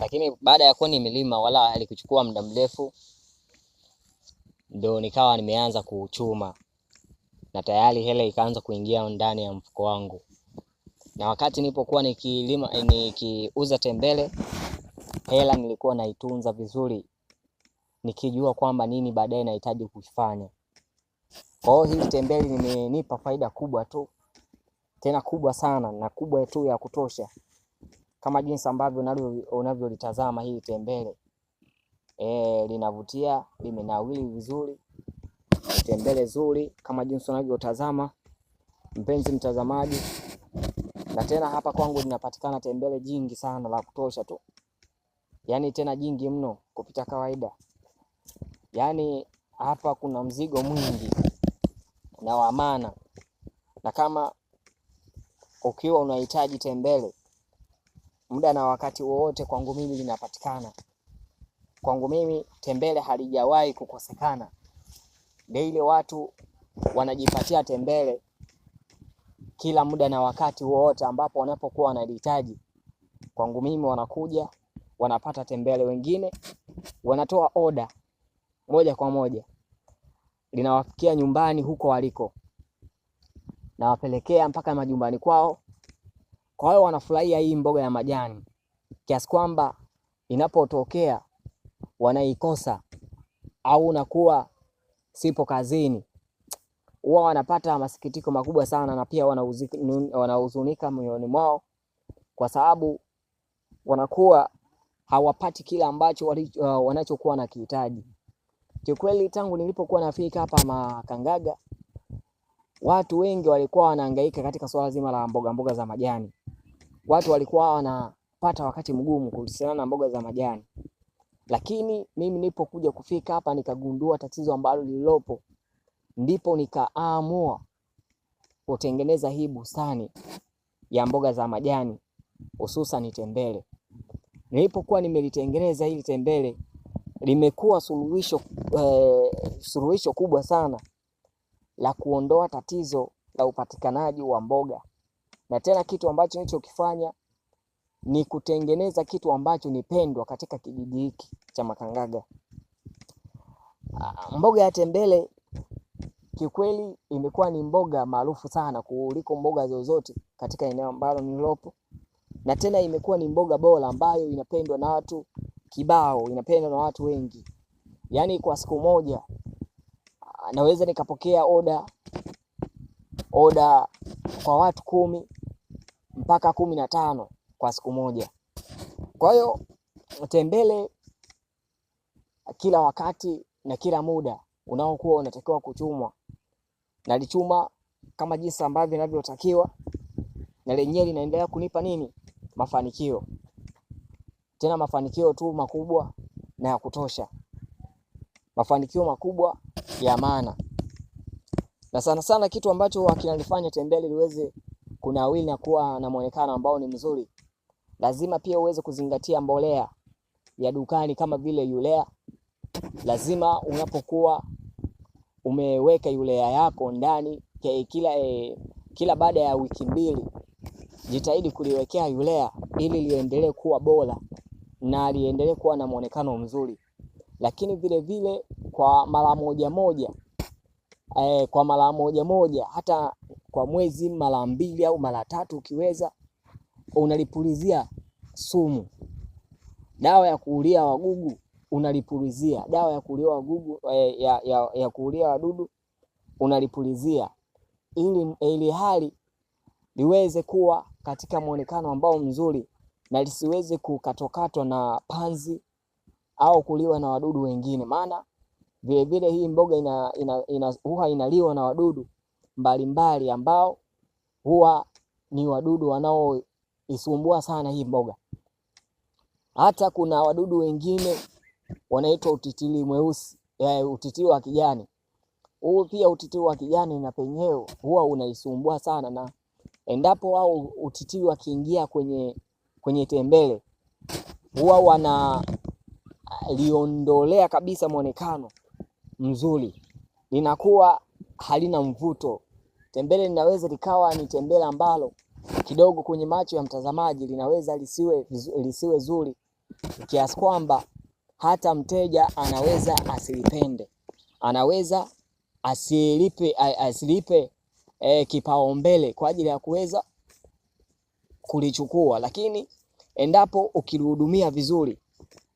lakini baada ya koni milima wala alikuchukua muda mrefu, ndio nikawa nimeanza kuchuma na tayari hela ikaanza kuingia ndani ya mfuko wangu. Na wakati nilipokuwa nikilima eh, nikiuza tembele, hela nilikuwa naitunza vizuri, nikijua kwamba nini baadaye nahitaji kufanya. Kwa hiyo hili tembele limenipa faida kubwa tu tena kubwa sana na kubwa tu ya kutosha kama jinsi ambavyo unavyolitazama hili tembele e, linavutia limenawili vizuri, tembele zuri kama jinsi unavyotazama mpenzi mtazamaji. Na tena hapa kwangu linapatikana tembele jingi sana la kutosha tu, yaani tena jingi mno kupita kawaida, yaani hapa kuna mzigo mwingi na wamana, na kama ukiwa unahitaji tembele muda na wakati wowote kwangu mimi linapatikana. Kwangu mimi tembele halijawahi kukosekana. Daily watu wanajipatia tembele kila muda na wakati wowote ambapo wanapokuwa wanalihitaji. Kwangu mimi wanakuja wanapata tembele, wengine wanatoa oda moja kwa moja, linawafikia nyumbani huko waliko, nawapelekea mpaka majumbani kwao kwa hiyo wanafurahia hii mboga ya majani kiasi kwamba inapotokea wanaikosa au unakuwa sipo kazini, huwa wanapata masikitiko makubwa sana, na pia wanahuzunika moyoni mwao, kwa sababu wanakuwa hawapati kile ambacho uh, wanachokuwa na kihitaji. Kiukweli, tangu nilipokuwa nafika hapa Makangaga, watu wengi walikuwa wanahangaika katika swala zima la mboga mboga za majani, watu walikuwa wanapata wakati mgumu kuhusiana na mboga za majani, lakini mimi kuja kufika hapa nikagundua tatizo ambalo lililopo, ndipo nikaamua kutengeneza hii bustani ya mboga za majani hususan tembele. Nilipokuwa nimelitengeneza hili tembele limekuwa suluhisho, eh, suluhisho kubwa sana la kuondoa tatizo la upatikanaji wa mboga na tena kitu ambacho nilichokifanya ni kutengeneza kitu ambacho ni pendwa katika kijiji hiki cha Makangaga. Ah, mboga ya tembele kikweli imekuwa ni mboga maarufu sana kuliko mboga zozote katika eneo ambalo nilopo, na tena imekuwa ni mboga bora ambayo inapendwa na watu kibao, inapendwa na watu wengi. Yaani kwa siku moja ah, naweza nikapokea oda oda kwa watu kumi mpaka kumi na tano kwa siku moja. Kwa hiyo tembele kila wakati na kila muda unaokuwa unatakiwa kuchumwa, nalichuma kama jinsi ambavyo inavyotakiwa, na lenyewe linaendelea kunipa nini, mafanikio tena mafanikio tu makubwa na ya kutosha, mafanikio makubwa ya maana, na sana sana kitu ambacho kinanifanya tembele liweze kuna wili na kuwa na muonekano ambao ni mzuri, lazima pia uweze kuzingatia mbolea ya dukani kama vile yulea. Lazima unapokuwa umeweka yulea yako ndani kila, e, kila baada ya wiki mbili jitahidi kuliwekea yulea ili liendelee kuwa bora na liendelee kuwa na muonekano mzuri, lakini vile vile kwa mara moja moja e, kwa mara moja moja hata kwa mwezi mara mbili au mara tatu, ukiweza unalipulizia sumu. Dawa ya kuulia wagugu unalipulizia, dawa ya kuulia wagugu eh, ya, ya, ya kuulia wadudu unalipulizia, ili, ili hali liweze kuwa katika muonekano ambao mzuri na lisiweze kukatwakatwa na panzi au kuliwa na wadudu wengine, maana vilevile hii mboga ina, ina, ina, huwa inaliwa na wadudu mbalimbali ambao huwa ni wadudu wanaoisumbua sana hii mboga. Hata kuna wadudu wengine wanaitwa utitili mweusi, yaani utitili wa kijani. Huu pia utitili wa kijani na penyewe huwa unaisumbua sana, na endapo wao utitili wakiingia kwenye, kwenye tembele huwa wanaliondolea kabisa mwonekano mzuri, linakuwa halina mvuto. Tembele linaweza likawa ni tembele ambalo kidogo kwenye macho ya mtazamaji linaweza lisiwe, lisiwe zuri kiasi kwamba hata mteja anaweza asilipende, anaweza asilipe, asilipe e, kipaumbele kwa ajili ya kuweza kulichukua. Lakini endapo ukilihudumia vizuri,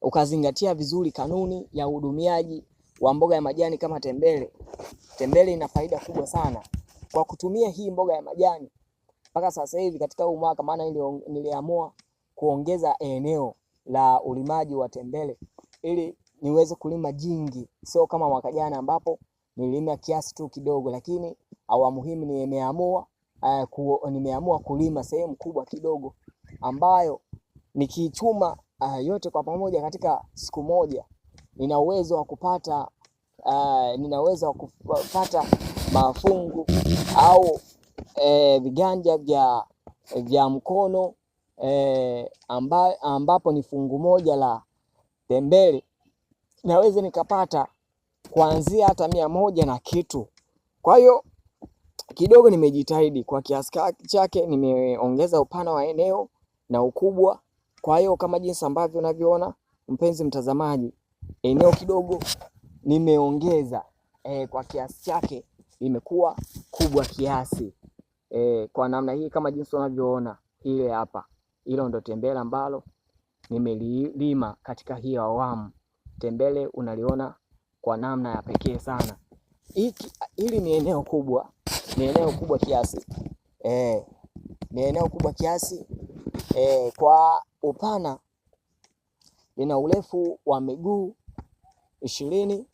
ukazingatia vizuri kanuni ya uhudumiaji wa mboga ya majani kama tembele, Tembele ina faida kubwa sana kwa kutumia hii mboga ya majani mpaka sasa hivi katika huu mwaka, maana niliamua kuongeza eneo la ulimaji wa tembele ili niweze kulima jingi, sio kama mwaka jana ambapo nililima kiasi tu kidogo, lakini awamu hii nimeamua uh, ku, nimeamua kulima sehemu kubwa kidogo ambayo nikichuma uh, eh, yote kwa pamoja katika siku moja nina uwezo wa kupata uh, ninaweza kupata mafungu au e, viganja vya, vya mkono e, amba, ambapo ni fungu moja la tembele naweza nikapata kuanzia hata mia moja na kitu. Kwa hiyo kidogo nimejitahidi kwa kiasi chake, nimeongeza upana wa eneo na ukubwa. Kwa hiyo kama jinsi ambavyo unavyoona mpenzi mtazamaji, eneo kidogo nimeongeza e, kwa kiasi chake imekuwa kubwa kiasi e, kwa namna hii kama jinsi unavyoona ile hapa, hilo ndo tembele ambalo nimelilima katika hii awamu. Tembele unaliona kwa namna ya pekee sana. Hiki hili ni eneo kubwa, ni eneo kubwa kiasi e, ni eneo kubwa kiasi e, kwa upana lina urefu wa miguu ishirini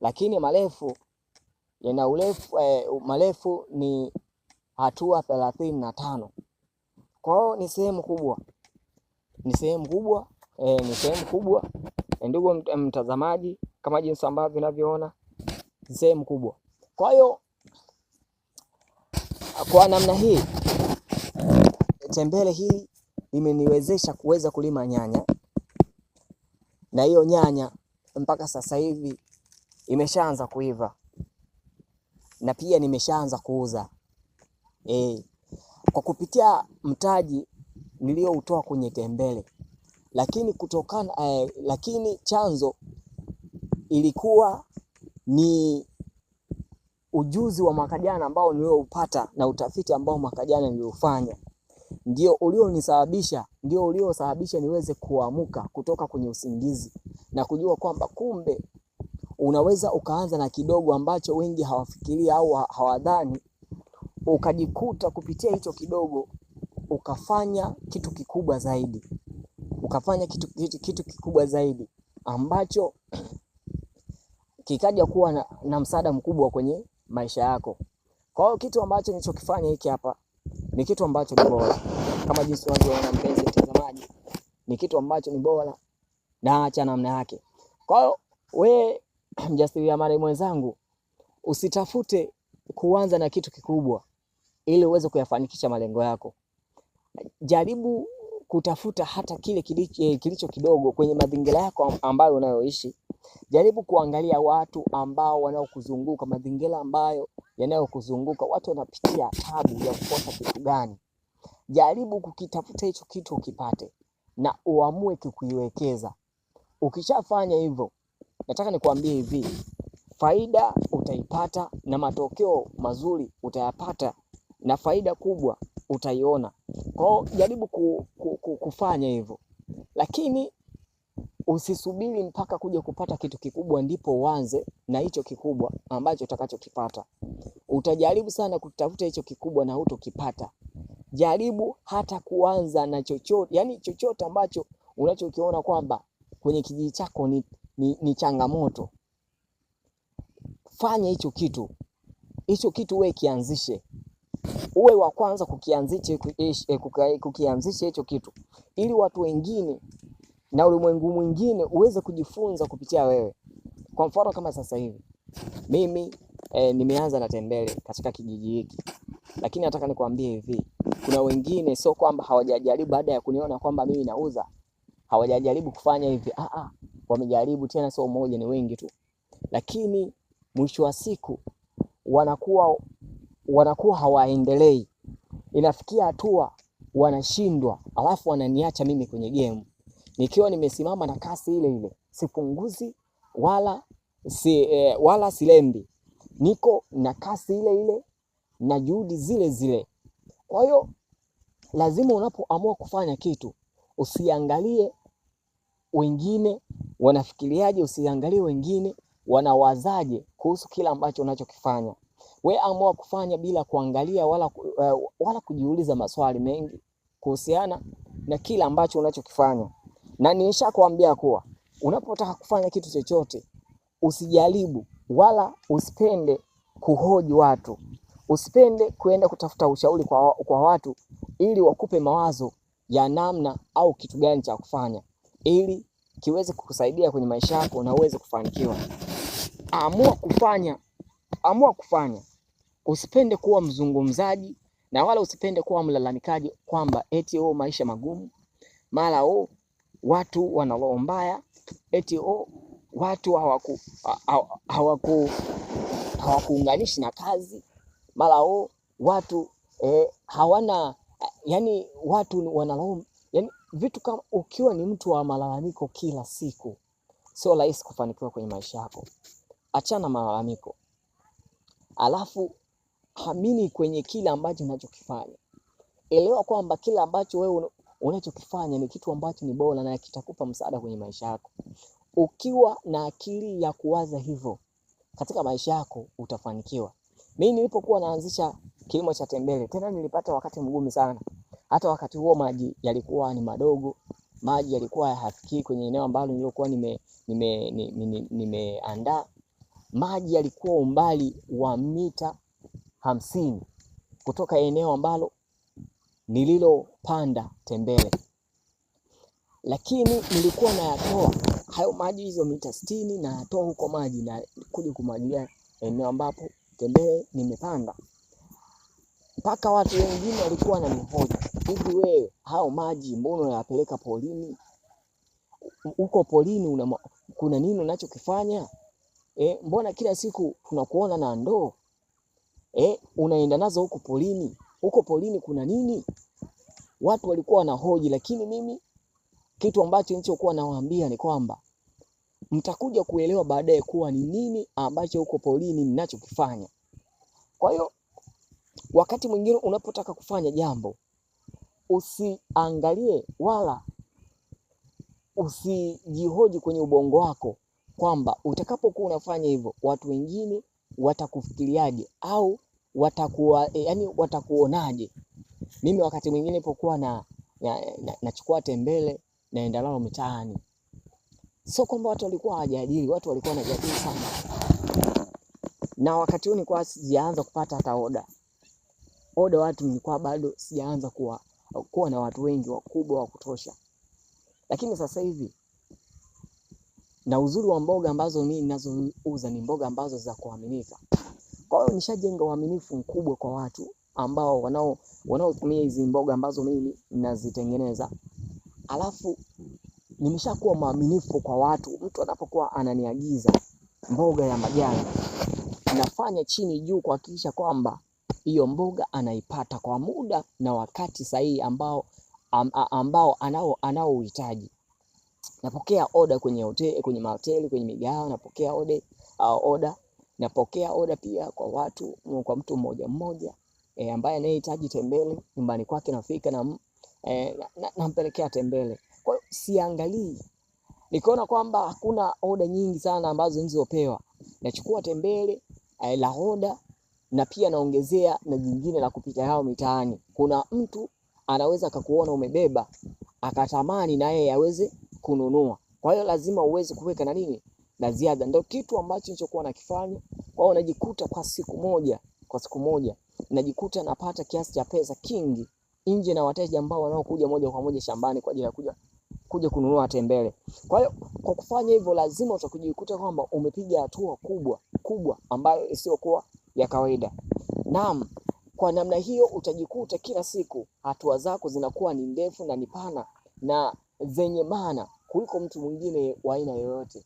lakini marefu yana urefu eh, marefu ni hatua thelathini na tano. Kwa hiyo ni sehemu kubwa, ni sehemu kubwa eh, ni sehemu kubwa eh, ndugu eh, mtazamaji, kama jinsi ambavyo unavyoona ni sehemu kubwa. Kwa hiyo kwa namna hii tembele hii imeniwezesha kuweza kulima nyanya, na hiyo nyanya mpaka sasa hivi imeshaanza kuiva na pia nimeshaanza kuuza e, kwa kupitia mtaji nilioutoa kwenye tembele, lakini kutokana eh, lakini chanzo ilikuwa ni ujuzi wa mwaka jana ambao nilioupata na utafiti ambao mwaka jana niliofanya ndio ulionisababisha ndio uliosababisha niweze kuamuka kutoka kwenye usingizi na kujua kwamba kumbe unaweza ukaanza na kidogo ambacho wengi hawafikiria au hawadhani, ukajikuta kupitia hicho kidogo ukafanya kitu kikubwa zaidi, ukafanya kitu, kitu, kitu kikubwa zaidi ambacho kikaja kuwa na, na msaada mkubwa kwenye maisha yako. Kwa hiyo kitu ambacho nilichokifanya hiki hapa ni kitu ambacho ni bora, kama jinsi unavyoona mpenzi mtazamaji, ni kitu ambacho ni bora na acha namna yake. Kwa hiyo wewe mjasiriamali mwenzangu, usitafute kuanza na kitu kikubwa ili uweze kuyafanikisha malengo yako. Jaribu kutafuta hata kile e, kilicho kidogo kwenye mazingira yako ambayo unayoishi. Jaribu kuangalia watu ambao wanaokuzunguka, mazingira ambayo yanayokuzunguka, watu wanapitia tabu ya kukosa kitu gani. Jaribu kukitafuta hicho kitu ukipate, na uamue kukiwekeza. Ukishafanya hivyo, nataka nikuambie hivi, faida utaipata na matokeo mazuri utayapata na faida kubwa utaiona. Kwa hiyo jaribu ku, ku, ku, kufanya hivyo, lakini usisubiri mpaka kuja kupata kitu kikubwa ndipo uanze na hicho kikubwa ambacho utakachokipata. Utajaribu sana kutafuta hicho kikubwa na hutokipata. Jaribu hata kuanza na chochote, yani chochote ambacho unachokiona kwamba kwenye kijiji chako ni ni, ni changamoto. Fanya hicho kitu, hicho kitu wewe kianzishe, uwe wa kwanza kukianzisha eh, kukianzisha hicho kitu, ili watu wengine na ulimwengu mwingine uweze kujifunza kupitia wewe. Kwa mfano kama sasa hivi mimi eh, nimeanza na tembele katika kijiji hiki, lakini nataka nikwambie hivi, kuna wengine sio kwamba hawajajaribu baada ya kuniona kwamba mimi nauza hawajajaribu kufanya hivi. Ah, ah, wamejaribu tena, sio mmoja, ni wengi tu, lakini mwisho wa siku wanakuwa wanakuwa hawaendelei, inafikia hatua wanashindwa, alafu wananiacha mimi kwenye game nikiwa nimesimama na kasi ile ile, sipunguzi wala si, eh, wala silembi, niko na kasi ile ile na juhudi zile zile. Kwa hiyo lazima unapoamua kufanya kitu usiangalie wengine wanafikiriaje, usiangalie wengine wanawazaje kuhusu kila ambacho unachokifanya. We amua kufanya bila kuangalia wala, uh, wala kujiuliza maswali mengi kuhusiana na kila ambacho unachokifanya, na nimeshakwambia kuwa unapotaka kufanya kitu chochote usijaribu wala usipende kuhoji watu, usipende kuenda kutafuta ushauri kwa, kwa watu ili wakupe mawazo ya namna au kitu gani cha kufanya ili kiweze kukusaidia kwenye maisha yako na uweze kufanikiwa. Amua kufanya, amua kufanya. Usipende kuwa mzungumzaji na wala usipende kuwa mlalamikaji, kwamba eti oh, maisha magumu, mara oh, watu wana roho mbaya, eti oh, watu hawaku hawaku hawakuunganishi na kazi, mara oh, watu eh, hawana yani, watu wana roho vitu kama ukiwa ni mtu wa malalamiko kila siku, sio rahisi kufanikiwa kwenye maisha yako. Achana malalamiko, alafu hamini kwenye kile ambacho unachokifanya. Elewa kwamba kile ambacho wewe unachokifanya ni kitu ambacho ni bora na kitakupa msaada kwenye maisha yako. Ukiwa na akili ya kuwaza hivyo katika maisha yako utafanikiwa. Mimi nilipokuwa naanzisha kilimo cha tembele, tena nilipata wakati mgumu sana. Hata wakati huo maji yalikuwa ni madogo, maji yalikuwa hayafikii kwenye eneo ambalo nilikuwa nimeandaa nime, nime, nime maji yalikuwa umbali wa mita hamsini kutoka eneo ambalo nililopanda tembele, lakini nilikuwa nayatoa hayo maji, hizo mita sitini, nayatoa huko maji na kuja kumwagilia eneo ambapo tembele nimepanda mpaka watu wengine walikuwa na mihoja, hivi wewe hao maji mbona unayapeleka polini? Huko polini una, kuna nini unachokifanya? E, mbona kila siku tunakuona na ndoo e, unaenda nazo huko polini? Huko polini kuna nini? Watu walikuwa wanahoji, lakini mimi kitu ambacho nilichokuwa nawaambia ni kwamba mtakuja kuelewa baadaye kuwa ni nini ambacho huko polini ninachokifanya. Kwa hiyo Wakati mwingine unapotaka kufanya jambo, usiangalie wala usijihoji kwenye ubongo wako kwamba utakapokuwa unafanya hivyo watu wengine watakufikiriaje au watakuwa eh, yani watakuonaje. Mimi wakati mwingine nilipokuwa na nachukua na, na tembele naenda nalo mitaani, sio kwamba watu walikuwa hawajadili, watu walikuwa wanajadili sana, na wakati huo nilikuwa sijaanza kupata hata oda oda watu nilikuwa bado sijaanza kuwa, kuwa na watu wengi wakubwa wa kutosha, lakini sasa hivi na uzuri wa mboga ambazo mimi ninazouza ni mboga ambazo za kuaminika. Kwa hiyo nishajenga uaminifu mkubwa kwa watu ambao wanao wanaotumia hizi mboga ambazo mimi ninazitengeneza, alafu nimeshakuwa mwaminifu kwa watu. Mtu anapokuwa ananiagiza mboga ya majani, nafanya chini juu kuhakikisha kwamba hiyo mboga anaipata kwa muda na wakati sahihi ambao, ambao uhitaji Napokea oda kwenye hoteli, kwenye mahoteli, kwenye migao, napokea oda, oda napokea oda pia kwa watu, kwa mtu mmoja mmoja e, ambaye anayehitaji tembele nyumbani kwake nafika na e, nampelekea na, na tembele. Kwa hiyo siangalii, nikiona kwamba hakuna oda nyingi sana ambazo nilizopewa, nachukua tembele e, la oda na pia naongezea na jingine la kupita yao mitaani. Kuna mtu anaweza akakuona umebeba akatamani na yeye aweze kununua, kwa hiyo lazima uweze kuweka na nini na ziada. Ndio kitu ambacho nilichokuwa nakifanya. Kwa hiyo najikuta kwa siku moja, kwa siku moja najikuta napata kiasi cha pesa kingi nje na wateja ambao wanaokuja moja kwa moja shambani kwa ajili ya kuja kuja kununua tembele. Kwa hiyo kwa kufanya hivyo, lazima utakujikuta kwamba umepiga hatua kubwa kubwa ambayo isiyokuwa ya kawaida. Naam, kwa namna hiyo utajikuta kila siku hatua zako zinakuwa ni ndefu na ni pana na zenye maana kuliko mtu mwingine wa aina yoyote.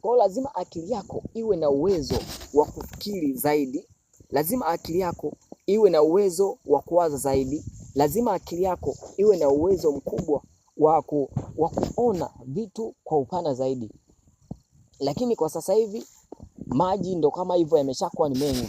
Kwa hiyo lazima akili yako iwe na uwezo wa kufikiri zaidi, lazima akili yako iwe na uwezo wa kuwaza zaidi, lazima akili yako iwe na uwezo mkubwa wa ku, wa kuona vitu kwa upana zaidi. Lakini kwa sasa hivi maji ndo kama hivyo yameshakuwa ni mengi.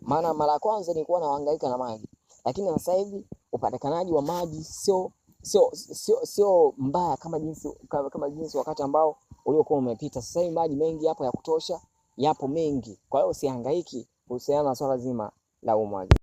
Maana mara ya kwanza nilikuwa nahangaika na maji, lakini sasa hivi upatikanaji wa maji sio sio sio sio mbaya kama jinsi kama jinsi wakati ambao uliokuwa umepita. Sasa hivi maji mengi yapo ya kutosha, yapo mengi, kwa hiyo usihangaiki kuhusiana na swala zima la umwagi